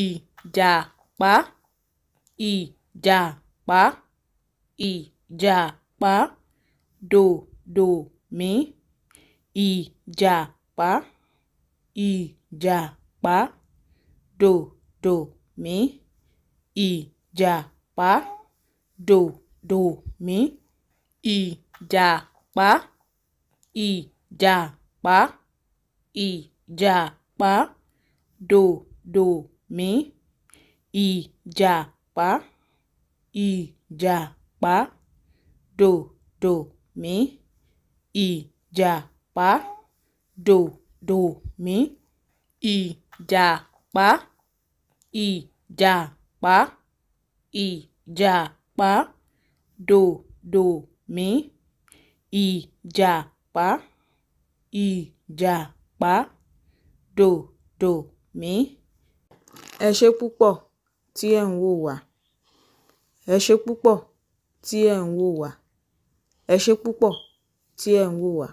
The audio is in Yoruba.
ìjàpá ìjàpá ìjàpá dòdòmí ìjàpá ìjàpá dòdòmí ìjàpá dòdòmí ìjàpá ìjàpá ìjàpá dòdòmí mi ìjàpá ìjàpá dòdò mi ìjàpá dòdò mi ìjàpá ìjàpá ìjàpá dòdò mi ìjàpá ìjàpá dòdò mi. Ẹ ṣé púpọ̀ tí ẹ̀ ń wò wá. Ẹ ṣé púpọ̀ tí ẹ̀ ń wò wá. Ẹ ṣé púpọ̀ tí ẹ̀ ń wò wá.